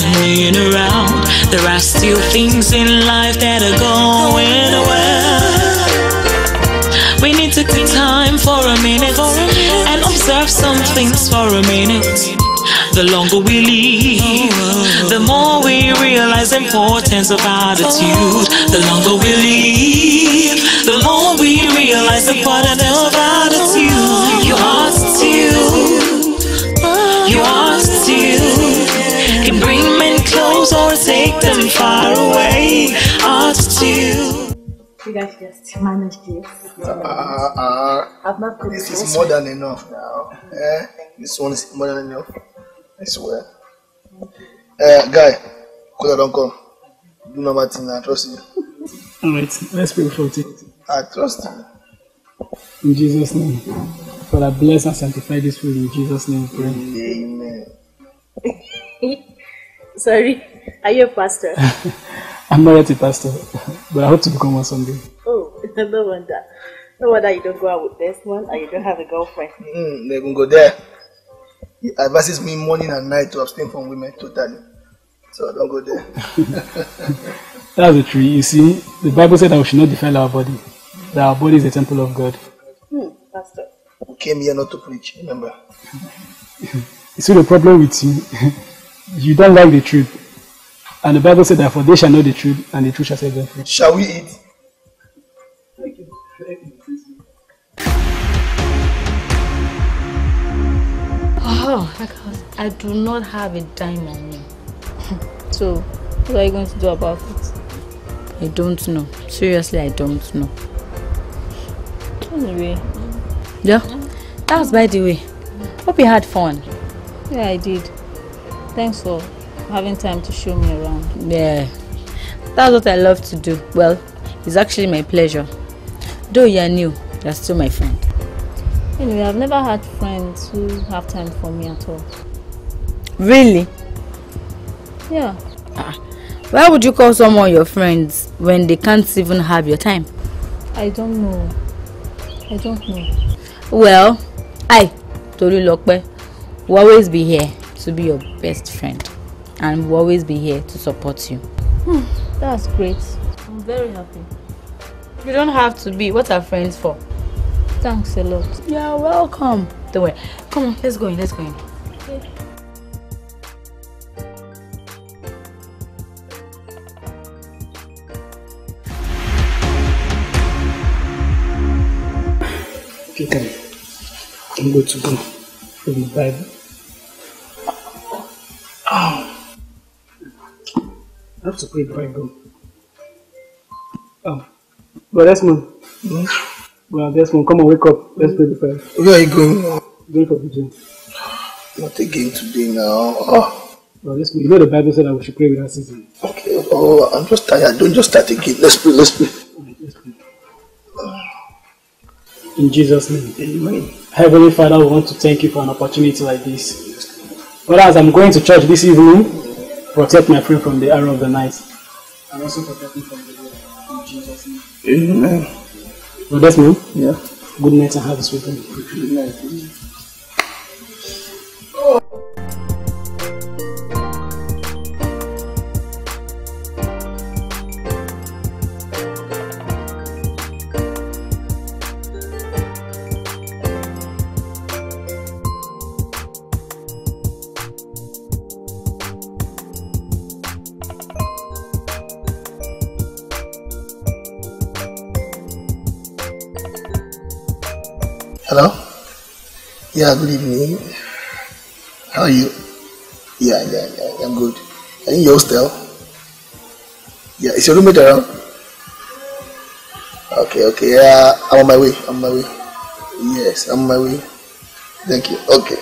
turning around. There are still things in life that are going well. We need to take time for a minute and observe some things for a minute. The longer we live, the more we realize the importance of attitude. The longer we live, the more we realize the importance of attitude. far away altitude. You guys just manage this. Uh, uh, uh, this is more than enough now. Eh? This one is more than enough. I swear. Uh, guy, because I don't come. Do no matter I trust you. Alright, let's pray for it. I trust you. In Jesus' name. Father, bless and sanctify this food in Jesus' name. Pray. Amen. Sorry. Are you a pastor? I'm not yet a pastor, but I hope to become one someday. Oh, no wonder. No wonder you don't go out with this one and you don't have a girlfriend. Mm, they can go there. He advises me morning and night to abstain from women totally. So don't go there. That's the truth. You see, the Bible said that we should not defile our body, that our body is a temple of God. Hmm, Pastor. We came here not to preach, remember? you see, the problem with you, you don't like the truth. And the Bible said, Therefore, they shall know the truth, and the truth shall set them free. Shall we eat? Oh, I do not have a dime on me. so, what are you going to do about it? I don't know. Seriously, I don't know. Anyway. Yeah? That was by the way. Hope you had fun. Yeah, I did. Thanks all. having time to show me around. Yeah, that's what I love to do. Well, it's actually my pleasure. Though you're new, you're still my friend. Anyway, I've never had friends who have time for me at all. Really? Yeah. Ah, why would you call someone your friends when they can't even have your time? I don't know. I don't know. Well, I, Tolulope, will always be here to be your best friend. and we'll always be here to support you. Hmm, that's great. I'm very happy. You don't have to be. What are friends for? Thanks a lot. You're welcome. Don't worry. Come on, let's go in, let's go in. Okay. Okay, come. Don't to go from the Bible. I have to pay the right bill. Oh. Well, Desmond. Hmm? Well, Desmond, come on, wake up. Let's pay the fare. Where are you going? Going for the gym. Not again today now. Oh. Well, Desmond, you know the Bible said that we should pray without ceasing. Okay. Oh, I'm just tired. Don't just start again. Let's pray. Let's pray. let's pray. In Jesus' name. Amen. Heavenly Father, we want to thank you for an opportunity like this. But as I'm going to church this evening, Protect my friend from the arrow of the night. And also protect me from the devil. In Jesus' name. Amen. Well, that's me. Yeah. Good night and have a sweet day. Good night. Yeah, good evening. How are you? Yeah, yeah, yeah, I'm good. Are you in your Yeah, is your roommate around? Okay, okay. Uh, I'm on my way. I'm on my way. Yes, I'm on my way. Thank you. Okay.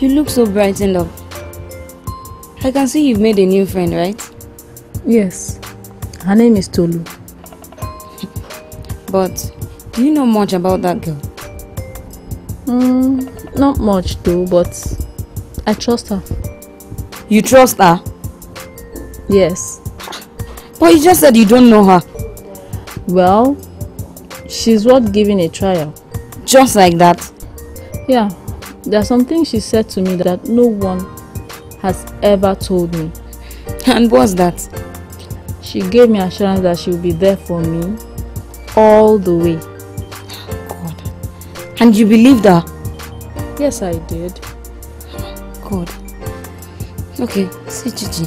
You look so brightened up. I can see you've made a new friend, right? Yes. Her name is Tolu. but do you know much about that girl? Mm, not much though, but I trust her. You trust her? Yes. But you just said you don't know her. Well, she's worth giving a trial. Just like that? Yeah. There's something she said to me that no one has ever told me. And what's that? She gave me assurance that she will be there for me all the way. God. And you believed her? Yes, I did. God. Okay, see Gigi.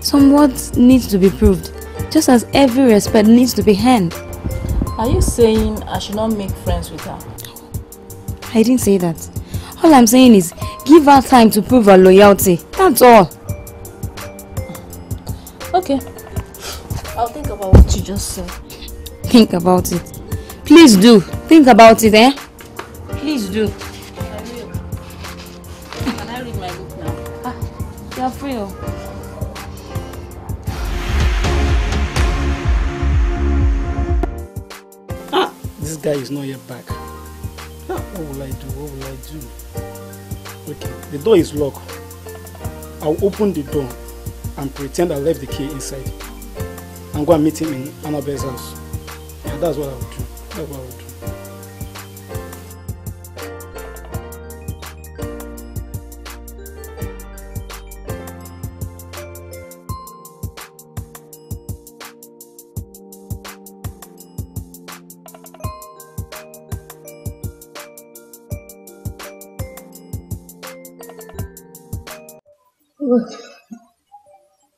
Some words need to be proved, just as every respect needs to be earned. Are you saying I should not make friends with her? I didn't say that. All I'm saying is, give her time to prove her loyalty. That's all. Okay. I'll think about what you just said. Think about it. Please do. Think about it, eh? Please do. Can I read my book now? Ah, you're free. Oh. Ah, this guy is not yet back. Ah, what will I do? What will I do? Okay, the door is locked. I'll open the door and pretend I left the key inside. I'm going to meet him in Annabelle's house. Yeah, that's what I will do. That's what I will do.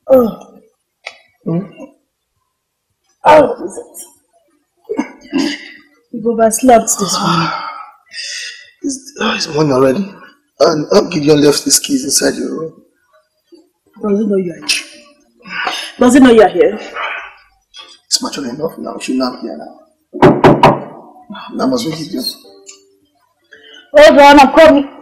Oh. Hmm? Oh, is it? You've overslept this ah. morning. It's, oh, ah, it's morning already. And um, Gideon left his keys inside your room. Does he know you are here? Does he know you are here? It's mature enough now. She's not here now. Now must we Gideon. Hold on, I'm coming.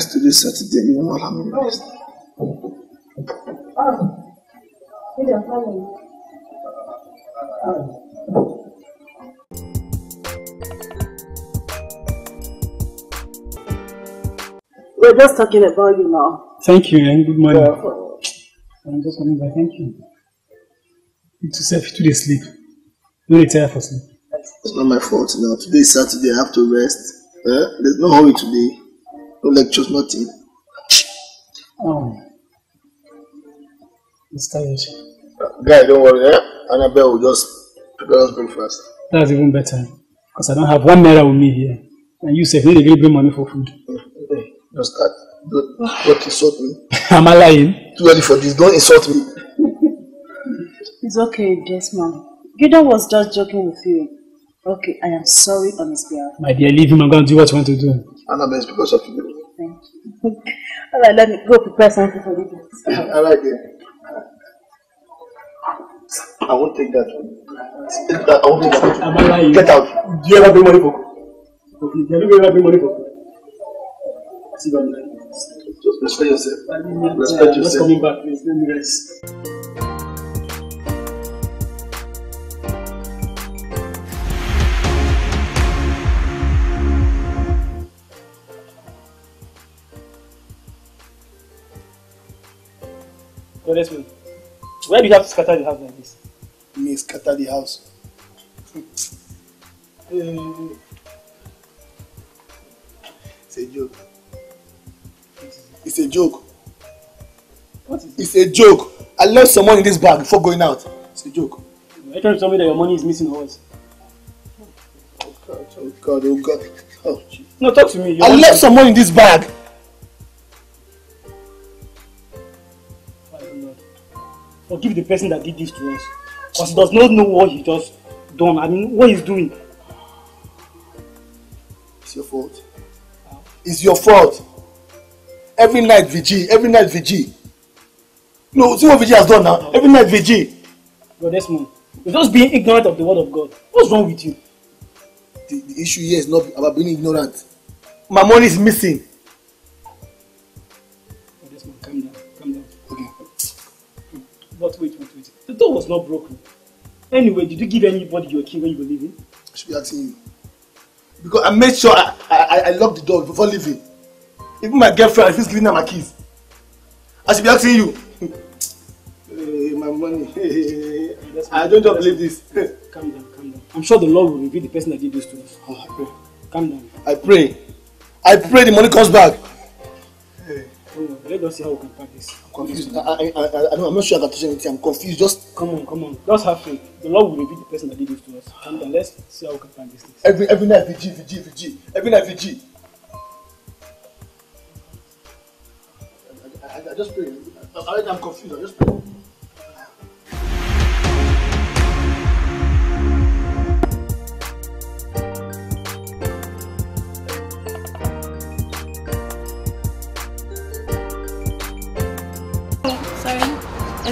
Saturday. You We're just talking about you now. Thank you and good morning. Yeah. I'm just coming back. Thank you. You to self today sleep. No retire for sleep. It's not my fault now. Today is Saturday. I have to rest. Eh? There's no hurry today. No lectures, nothing. Oh. Mr. Yoshi. guy, don't worry, eh? Annabelle will just prepare us breakfast. That's even better. Because I don't have one naira with me here. And you said, need to bring money for food. Just that. Don't, don't insult me. Am I lying? Too early for this. Don't insult me. it's okay, yes, ma'am. Gideon was just joking with you. Okay, I am sorry on his behalf. My dear, leave him. I'm going to do what I want to do. Annabelle, it's because of you. All right, let me go prepare something for you. All right, dear. I won't take that one. I won't take that one. Get out. Do you ever bring money for? Okay, do you ever bring money for? Just respect yourself. Respect yourself. Just coming back, please. Let me rest. So let's Where do you have to scatter the house like this? Me scatter the house. Eh. it's a joke. It's a joke. What is it? It's a joke. I left some money in this bag before going out. It's a joke. Are you trying to tell me that your money is missing or what? Oh God, oh God, oh God. Oh, geez. no, talk to me. I left some money in this bag. forgive the person that did this to us. Because he does not know what he just done. I mean, what he's doing. It's your fault. It's your fault. Every night VG, every night VG. No, see what VG has done now. Every night VG. God, man. You're just being ignorant of the word of God. What's wrong with you? The, the issue here is not about being ignorant. My money is missing. not broken. Anyway, did you give anybody your key when you were leaving? I should be asking you. Because I made sure I, I, I locked the door before leaving. Even my girlfriend refused giving her my keys. I should be asking you. hey, eh, my money. I don't just believe this. calm down, calm down. I'm sure the Lord will reveal the person that did this to us. Oh, I pray. Calm down. I pray. I pray the money comes back. Oh, let us see how we can practice. I'm confused. I, I, I, I I'm not sure I can touch anything. I'm confused. Just come on, come on. Just have faith. The Lord will reveal the person that did this to us. Come down. Let's see how we can practice this. Every every night VG, VG, VG. Every night VG. I, I, I just pray. I, I, I'm confused. I just pray.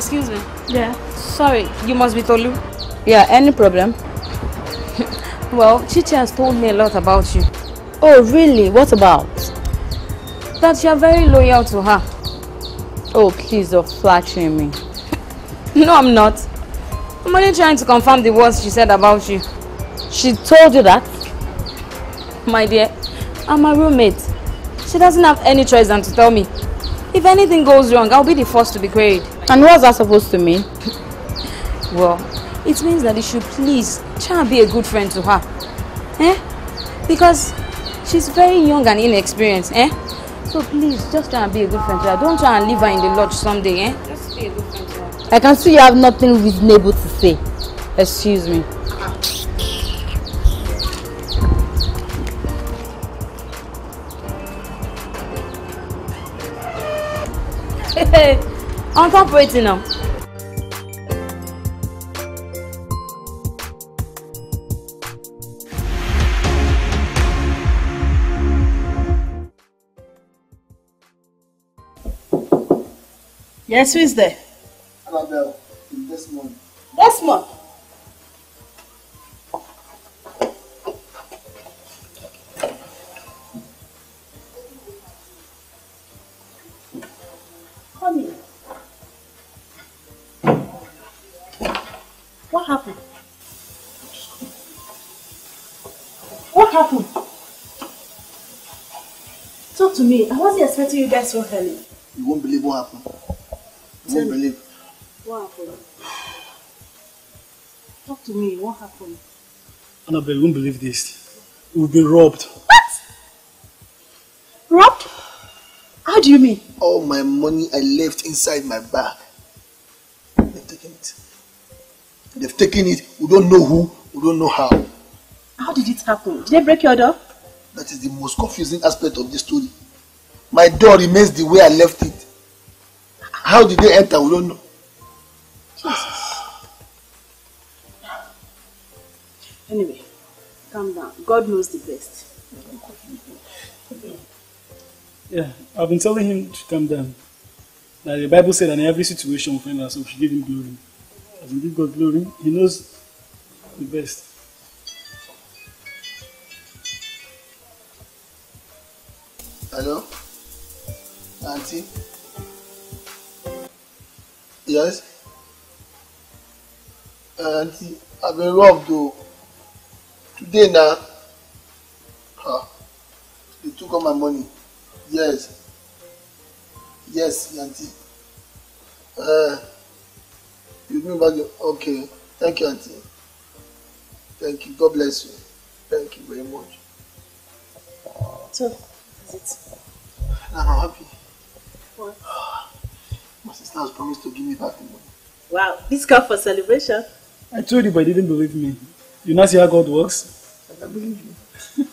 Excuse me. Yeah. Sorry, you must be Tolu. Yeah, any problem? well, Chichi has told me a lot about you. Oh, really? What about? That you are very loyal to her. Oh, please you're flattering me. no, I'm not. I'm only trying to confirm the words she said about you. She told you that? My dear, I'm a roommate. She doesn't have any choice than to tell me. If anything goes wrong, I'll be the first to be great. And what's that supposed to mean? well, it means that you should please try and be a good friend to her. Eh? Because she's very young and inexperienced. Eh? So please, just try and be a good friend to her. Don't try and leave her in the lodge someday. Eh? Just be a good friend to her. I can see you have nothing reasonable to say. Excuse me. Uh-uh. on top rating now. Yes, who is there? Annabelle, this morning. This month? wasn't expecting you guys so early. You won't believe what happened. You won't believe. What happened? Talk to me. What happened? Annabelle, you won't believe this. We've been robbed. What? Robbed? How do you mean? All my money I left inside my bag. They've taken it. They've taken it. We don't know who. We don't know how. How did it happen? Did they break your door? That is the most confusing aspect of this story my door remains the way I left it. How did they enter? We don't know. Jesus. Anyway, calm down. God knows the best. Yeah, I've been telling him to calm down. Now the Bible said that in every situation we find ourselves, we should give him glory. As we give God glory, he knows the best. Hello? Auntie? Yes? Auntie, I've been robbed though. Today now, huh, they took all my money. Yes. Yes, Auntie. Uh, you bring back your. Okay. Thank you, Auntie. Thank you. God bless you. Thank you very much. So, is it. I'm happy. My sister has promised to give me back the money. Wow, this call for celebration. I told you, but you didn't believe me. You now see how God works? I believe you.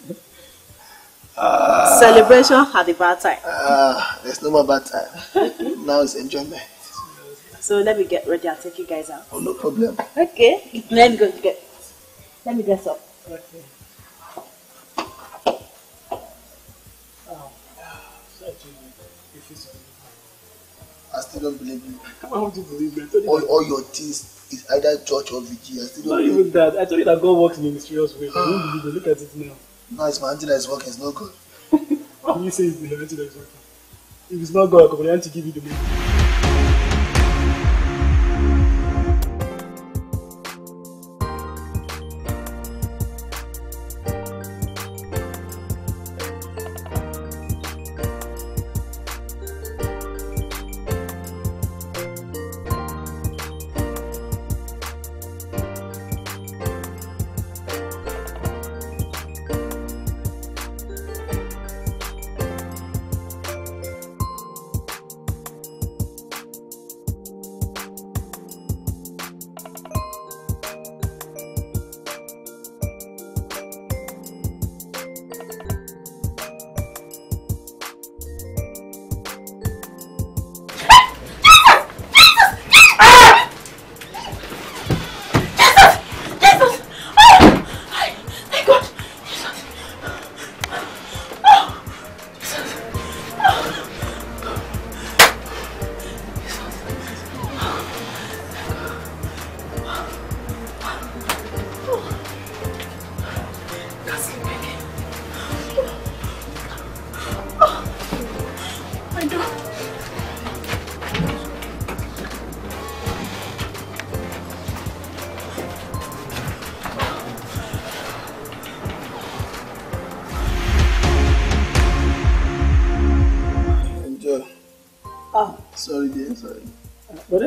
uh, celebration had a bad time. Uh, there's no more bad time. now it's enjoyment. So let me get ready. I'll take you guys out. Oh, no problem. Okay. Let me go get. Let me dress up. Okay. Oh. a beautiful. I still don't believe you. How would you believe me? You all, all your things is either church or VG. I still don't Not believe even that. I told you that God works in mysterious ways. I don't believe you. Look at it now. No, it's my auntie that is working. It's not God. Why would you say it's the auntie that is working? If it's not God, I could be to give you the money.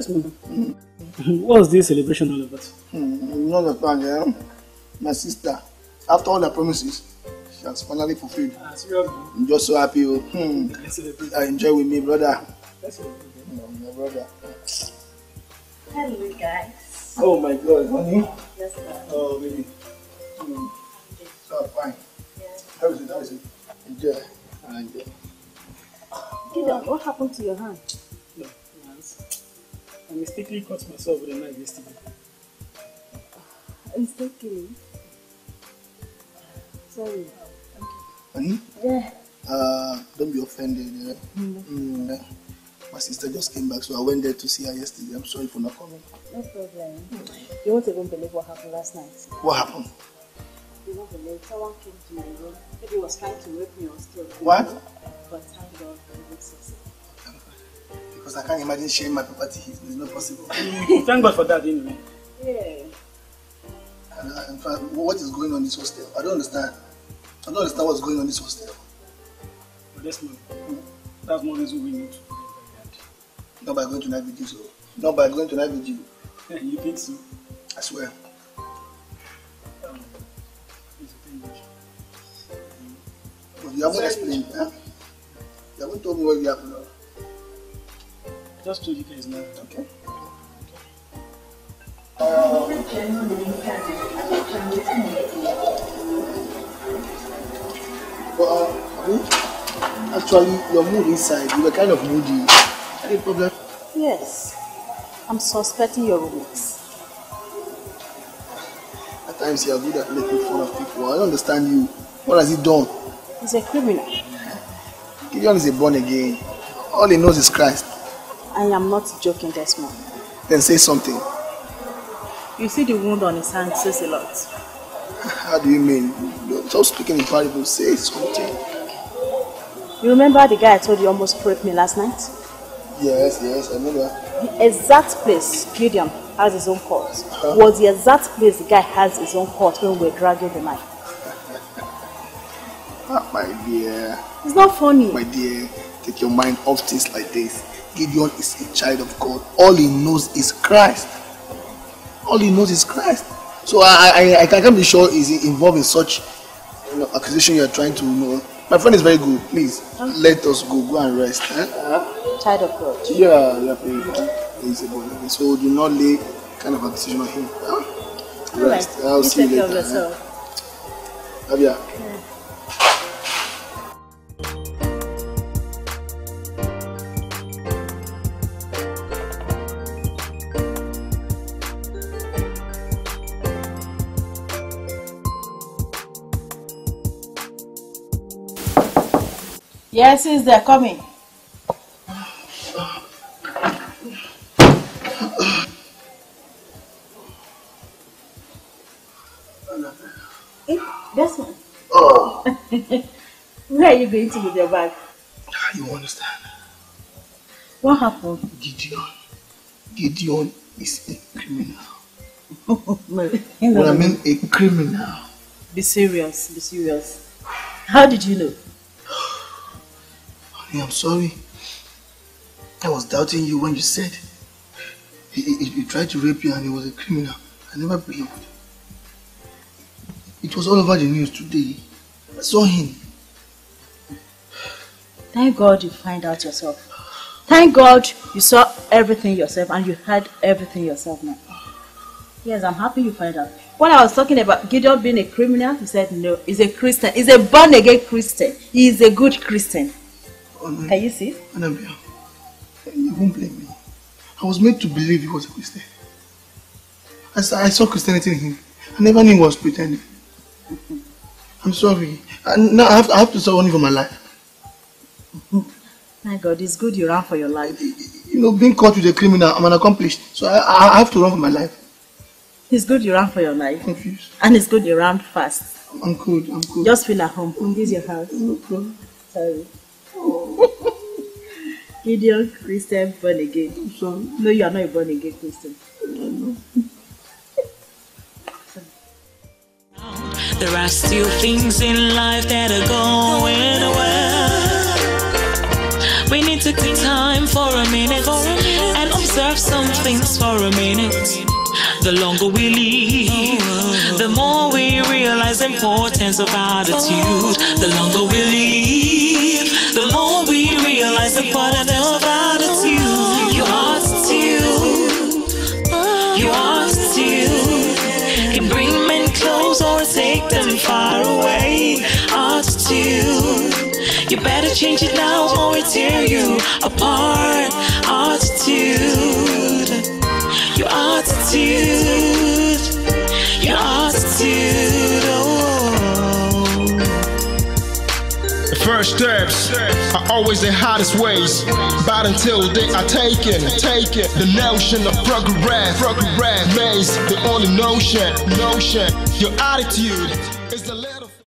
Yes, ma'am. Mm. What's this celebration all about? Mm, you know that plan, yeah? My sister, after all the promises, she has finally fulfilled. Ah, seriously? I'm just so happy. Oh. Hmm. I enjoy with me, brother. Let's celebrate. No, hmm, my brother. Hello, guys. Oh, my God, honey. Yes, sir. Oh, baby. Mm. So fine. Yeah. How is it? How is it? Enjoy. Ah, enjoy. Gideon, what happened to your hand? I mistakenly cut myself with a knife yesterday. Mistakenly? Sorry. Honey? Yeah. Uh, don't be offended. Eh? Mm. mm eh. My sister just came back, so I went there to see her yesterday. I'm sorry for not coming. No problem. Mm. You won't even believe what happened last night. What happened? You won't believe. Someone came to my room. Maybe was trying to rape me or steal What? But thank God for good success because I can't imagine sharing my property. It's not possible. Thank God for that, anyway. Yeah. In fact, what is going on in this hostel? I don't understand. I don't understand what's going on in this hostel. But that's not. That's no reason we need to. Not by going to night with you, so. Not by going to night with you. you think so? I swear. Um, you haven't explained, huh? You haven't told me what you have now. Just two GK now, okay. Well, uh, actually, your mood inside, you were kind of moody. Any problem? Yes. I'm suspecting your roommates. At times, you are good at making fun of people. I understand you. What has he done? He's a criminal. Gideon is a born again. All he knows is Christ. I am not joking, Desmond. Then say something. You see the wound on his hand says a lot. How do you mean? Stop speaking in parables. Say something. You remember the guy I told you almost raped me last night? Yes, yes, I remember. The exact place Gideon has his own court huh? was the exact place the guy has his own court when we were dragging the knife. Ah, my dear. It's not funny. My dear, take your mind off things like this. Gideon is a child of God. All he knows is Christ. All he knows is Christ. So I, I, I can't be sure he's involved in such you know, accusation you are trying to you know. My friend is very good. Please, let us go. Go and rest. Eh? child of God. Yeah, yeah, please. mm So do not lay kind of decision on him. Huh? Rest. Right. I'll you see you later. Yourself. Have you? Yeah. Yes, is they're coming. Eh, this that's one. Oh. Where are you going to with your bag? You understand. What happened? Gideon. Gideon is a criminal. no, no. I mean a criminal. Be serious, be serious. How did you know? I'm sorry. I was doubting you when you said he, he, he tried to rape you and he was a criminal. I never believed. It was all over the news today. I saw him. Thank God you find out yourself. Thank God you saw everything yourself and you heard everything yourself now. Yes, I'm happy you find out. When I was talking about Gideon being a criminal, he said no, he's a Christian. He's a born-again Christian. He's a good Christian. Madam, Can you see? Madam, you won't blame me. I was made to believe he was a Christian. I saw, I saw Christianity in him. I never knew he was pretending. I'm sorry. I, now I have, I have to stop running for my life. My God, it's good you ran for your life. You know, being caught with a criminal, I'm an accomplished. So I, I have to run for my life. It's good you ran for your life. Confused. And it's good you ran fast. I'm good, I'm good. Just feel at home. This this your house. No problem. Sorry. Gideon Christian born again. no, you are not a born again Christian. There are still things in life that are going well. We need to take time for a minute and observe some things for a minute. The longer we live, the more we realize the importance of attitude. The longer we live. That's a part of love about it's you. You are it's you. You are it's you. Can bring men close or take them far away. It's you. You better change it now or it tear you apart. Attitude. Your attitude. First steps are always the hardest ways, but until they are taken, taken. The notion of progress, progress remains the only notion, notion. Your attitude is the